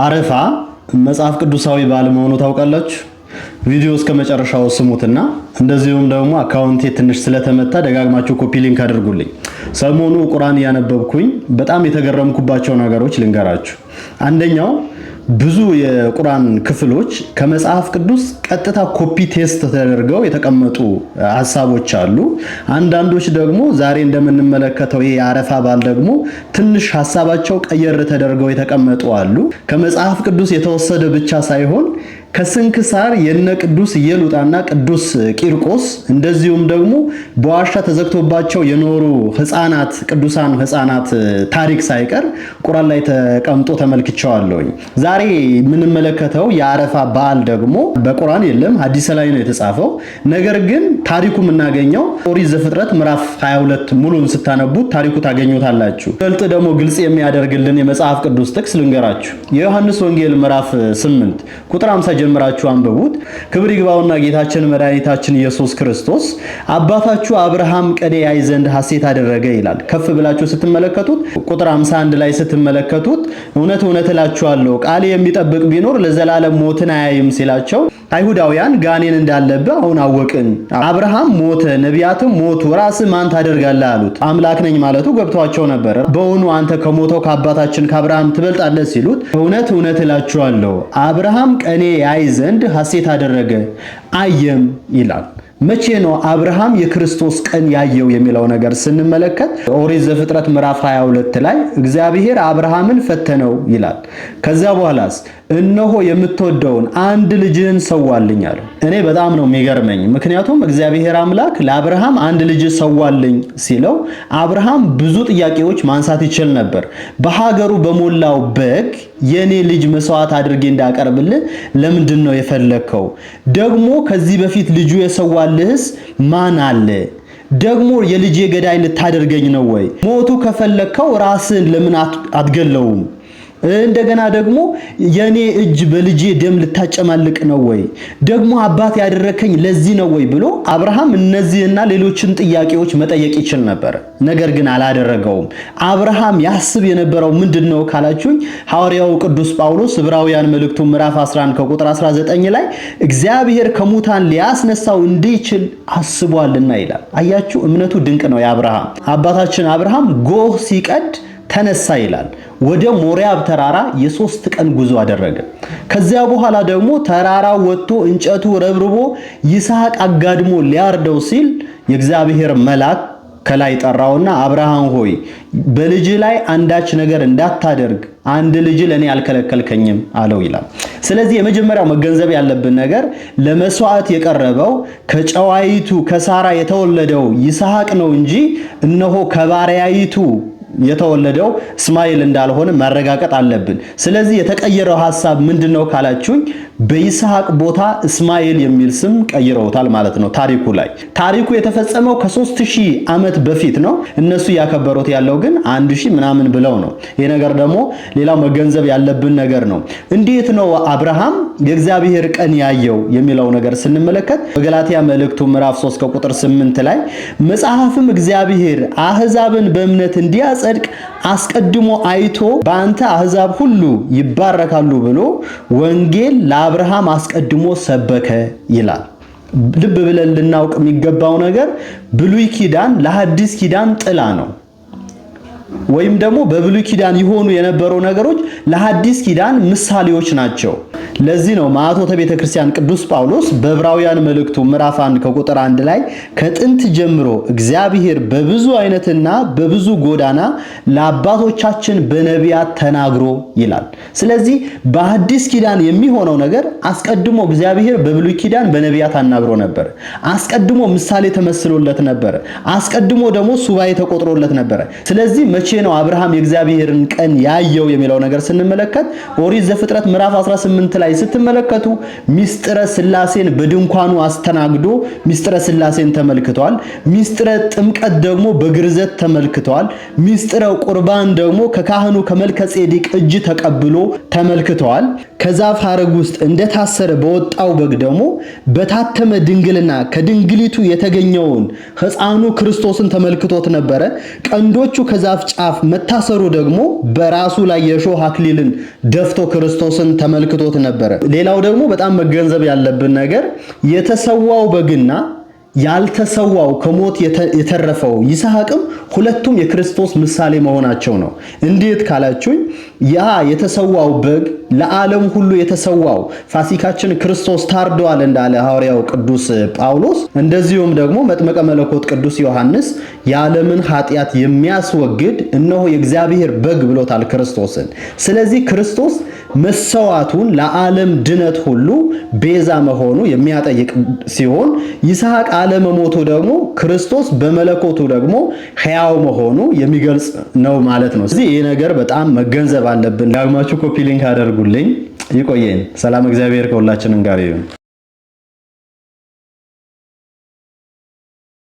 አረፋ መጽሐፍ ቅዱሳዊ በዓል መሆኑ ታውቃላችሁ። ቪዲዮ እስከ መጨረሻው ስሙትና እንደዚሁም ደግሞ አካውንቴ ትንሽ ስለተመታ ደጋግማችሁ ኮፒ ሊንክ አድርጉልኝ። ሰሞኑ ቁርአን እያነበብኩኝ በጣም የተገረምኩባቸው ነገሮች ልንገራችሁ። አንደኛው ብዙ የቁርአን ክፍሎች ከመጽሐፍ ቅዱስ ቀጥታ ኮፒ ቴስት ተደርገው የተቀመጡ ሀሳቦች አሉ። አንዳንዶች ደግሞ ዛሬ እንደምንመለከተው ይሄ የአረፋ በዓል ደግሞ ትንሽ ሀሳባቸው ቀየር ተደርገው የተቀመጡ አሉ። ከመጽሐፍ ቅዱስ የተወሰደ ብቻ ሳይሆን ከስንክሳር የነ ቅዱስ ኢየሉጣና ቅዱስ ቂርቆስ እንደዚሁም ደግሞ በዋሻ ተዘግቶባቸው የኖሩ ህፃናት ቅዱሳን ህፃናት ታሪክ ሳይቀር ቁራን ላይ ተቀምጦ ተመልክቸዋለሁኝ። ዛሬ የምንመለከተው የአረፋ በዓል ደግሞ በቁራን የለም ሐዲስ ላይ ነው የተጻፈው። ነገር ግን ታሪኩ የምናገኘው ኦሪት ዘፍጥረት ምዕራፍ 22 ሙሉን ስታነቡት ታሪኩ ታገኙታላችሁ። በልጥ ደግሞ ግልጽ የሚያደርግልን የመጽሐፍ ቅዱስ ጥቅስ ልንገራችሁ የዮሐንስ ወንጌል ምዕራፍ 8 ቁጥር ጀምራችሁ አንብቡት። ክብር ይግባውና ጌታችን መድኃኒታችን ኢየሱስ ክርስቶስ አባታችሁ አብርሃም ቀዴ ያይ ዘንድ ሐሴት አደረገ ይላል። ከፍ ብላችሁ ስትመለከቱት ቁጥር 51 ላይ ስትመለከቱት እውነት እውነት እላችኋለሁ ቃል የሚጠብቅ ቢኖር ለዘላለም ሞትን አያይም ሲላቸው አይሁዳውያን ጋኔን እንዳለብህ አሁን አወቅን፣ አብርሃም ሞተ፣ ነቢያትም ሞቱ፣ ራስህ ማን ታደርጋለህ አሉት። አምላክ ነኝ ማለቱ ገብቷቸው ነበር። በውኑ አንተ ከሞተው ከአባታችን ከአብርሃም ትበልጣለህ ሲሉት እውነት እውነት እላችኋለሁ አብርሃም ቀኔ ያይ ዘንድ ሐሴት አደረገ አየም ይላል። መቼ ነው አብርሃም የክርስቶስ ቀን ያየው የሚለው ነገር ስንመለከት ኦሪት ዘፍጥረት ምዕራፍ 22 ላይ እግዚአብሔር አብርሃምን ፈተነው ይላል። ከዚያ በኋላስ እነሆ የምትወደውን አንድ ልጅህን ሰዋልኝ አለው። እኔ በጣም ነው የሚገርመኝ። ምክንያቱም እግዚአብሔር አምላክ ለአብርሃም አንድ ልጅ ሰዋልኝ ሲለው አብርሃም ብዙ ጥያቄዎች ማንሳት ይችል ነበር። በሀገሩ በሞላው በግ የኔ ልጅ መስዋዕት አድርጌ እንዳቀርብልህ ለምንድን ነው የፈለግከው? ደግሞ ከዚህ በፊት ልጁ የሰዋልህስ ማን አለ? ደግሞ የልጄ ገዳይ ልታደርገኝ ነው ወይ? ሞቱ ከፈለግከው ራስን ለምን አትገለውም? እንደገና ደግሞ የኔ እጅ በልጄ ደም ልታጨማልቅ ነው ወይ? ደግሞ አባት ያደረከኝ ለዚህ ነው ወይ ብሎ አብርሃም እነዚህና ሌሎችን ጥያቄዎች መጠየቅ ይችል ነበር። ነገር ግን አላደረገውም። አብርሃም ያስብ የነበረው ምንድን ነው ካላችሁኝ ሐዋርያው ቅዱስ ጳውሎስ ዕብራውያን መልእክቱ ምዕራፍ 11 ከቁጥር 19 ላይ እግዚአብሔር ከሙታን ሊያስነሳው እንዲችል አስቧልና ይላል። አያችሁ፣ እምነቱ ድንቅ ነው የአብርሃም አባታችን አብርሃም ጎህ ሲቀድ ተነሳ ይላል። ወደ ሞሪያብ ተራራ የሶስት ቀን ጉዞ አደረገ። ከዚያ በኋላ ደግሞ ተራራ ወጥቶ እንጨቱ ረብርቦ ይስሐቅ አጋድሞ ሊያርደው ሲል የእግዚአብሔር መልአክ ከላይ ጠራውና አብርሃም ሆይ በልጅ ላይ አንዳች ነገር እንዳታደርግ አንድ ልጅ ለእኔ አልከለከልከኝም አለው ይላል። ስለዚህ የመጀመሪያው መገንዘብ ያለብን ነገር ለመስዋዕት የቀረበው ከጨዋይቱ ከሳራ የተወለደው ይስሐቅ ነው እንጂ እነሆ ከባሪያይቱ የተወለደው እስማኤል እንዳልሆነ ማረጋገጥ አለብን። ስለዚህ የተቀየረው ሐሳብ ምንድነው ካላችሁኝ በይስሐቅ ቦታ እስማኤል የሚል ስም ቀይረውታል ማለት ነው። ታሪኩ ላይ ታሪኩ የተፈጸመው ከ3000 ዓመት በፊት ነው። እነሱ እያከበሩት ያለው ግን አንድ ሺህ ምናምን ብለው ነው። ይህ ነገር ደግሞ ሌላው መገንዘብ ያለብን ነገር ነው። እንዴት ነው አብርሃም የእግዚአብሔር ቀን ያየው የሚለው ነገር ስንመለከት በገላትያ መልእክቱ ምዕራፍ 3 ከቁጥር 8 ላይ መጽሐፍም እግዚአብሔር አህዛብን በእምነት እንዲያ ጻድቅ አስቀድሞ አይቶ በአንተ አሕዛብ ሁሉ ይባረካሉ ብሎ ወንጌል ለአብርሃም አስቀድሞ ሰበከ ይላል። ልብ ብለን ልናውቅ የሚገባው ነገር ብሉይ ኪዳን ለሐዲስ ኪዳን ጥላ ነው። ወይም ደግሞ በብሉይ ኪዳን የሆኑ የነበሩ ነገሮች ለሐዲስ ኪዳን ምሳሌዎች ናቸው። ለዚህ ነው ማዕቶተ ቤተ ክርስቲያን ቅዱስ ጳውሎስ በዕብራውያን መልእክቱ ምዕራፍ 1 ከቁጥር 1 ላይ ከጥንት ጀምሮ እግዚአብሔር በብዙ አይነትና በብዙ ጎዳና ለአባቶቻችን በነቢያት ተናግሮ ይላል። ስለዚህ በአዲስ ኪዳን የሚሆነው ነገር አስቀድሞ እግዚአብሔር በብሉይ ኪዳን በነቢያት አናግሮ ነበር። አስቀድሞ ምሳሌ ተመስሎለት ነበር። አስቀድሞ ደግሞ ሱባኤ ተቆጥሮለት ነበር። ስለዚህ መቼ ነው አብርሃም የእግዚአብሔርን ቀን ያየው የሚለው ነገር ስንመለከት ኦሪት ዘፍጥረት ምዕራፍ 18 ላይ ላይ ስትመለከቱ ሚስጥረ ስላሴን በድንኳኑ አስተናግዶ ሚስጥረ ስላሴን ተመልክቷል። ሚስጥረ ጥምቀት ደግሞ በግርዘት ተመልክቷል። ሚስጥረ ቁርባን ደግሞ ከካህኑ ከመልከ ጼዴቅ እጅ ተቀብሎ ተመልክተዋል። ከዛፍ ሐረግ ውስጥ እንደታሰረ በወጣው በግ ደግሞ በታተመ ድንግልና ከድንግሊቱ የተገኘውን ሕፃኑ ክርስቶስን ተመልክቶት ነበረ። ቀንዶቹ ከዛፍ ጫፍ መታሰሩ ደግሞ በራሱ ላይ የእሾህ አክሊልን ደፍቶ ክርስቶስን ተመልክቶት ነበር። ነበረ። ሌላው ደግሞ በጣም መገንዘብ ያለብን ነገር የተሰዋው በግና ያልተሰዋው ከሞት የተረፈው ይስሐቅም ሁለቱም የክርስቶስ ምሳሌ መሆናቸው ነው። እንዴት ካላችሁኝ ያ የተሰዋው በግ ለዓለም ሁሉ የተሰዋው ፋሲካችን ክርስቶስ ታርደዋል እንዳለ ሐዋርያው ቅዱስ ጳውሎስ፣ እንደዚሁም ደግሞ መጥመቀ መለኮት ቅዱስ ዮሐንስ የዓለምን ኃጢአት የሚያስወግድ እነሆ የእግዚአብሔር በግ ብሎታል ክርስቶስን። ስለዚህ ክርስቶስ መሰዋቱን ለዓለም ድነት ሁሉ ቤዛ መሆኑ የሚያጠይቅ ሲሆን ይስሐቅ ባለመሞቱ ደግሞ ክርስቶስ በመለኮቱ ደግሞ ሕያው መሆኑ የሚገልጽ ነው ማለት ነው። ስለዚህ ይህ ነገር በጣም መገንዘብ አለብን። ዳግማችሁ ኮፒ ሊንክ አደርጉልኝ። ይቆየን። ሰላም፣ እግዚአብሔር ከሁላችንም ጋር ይሁን።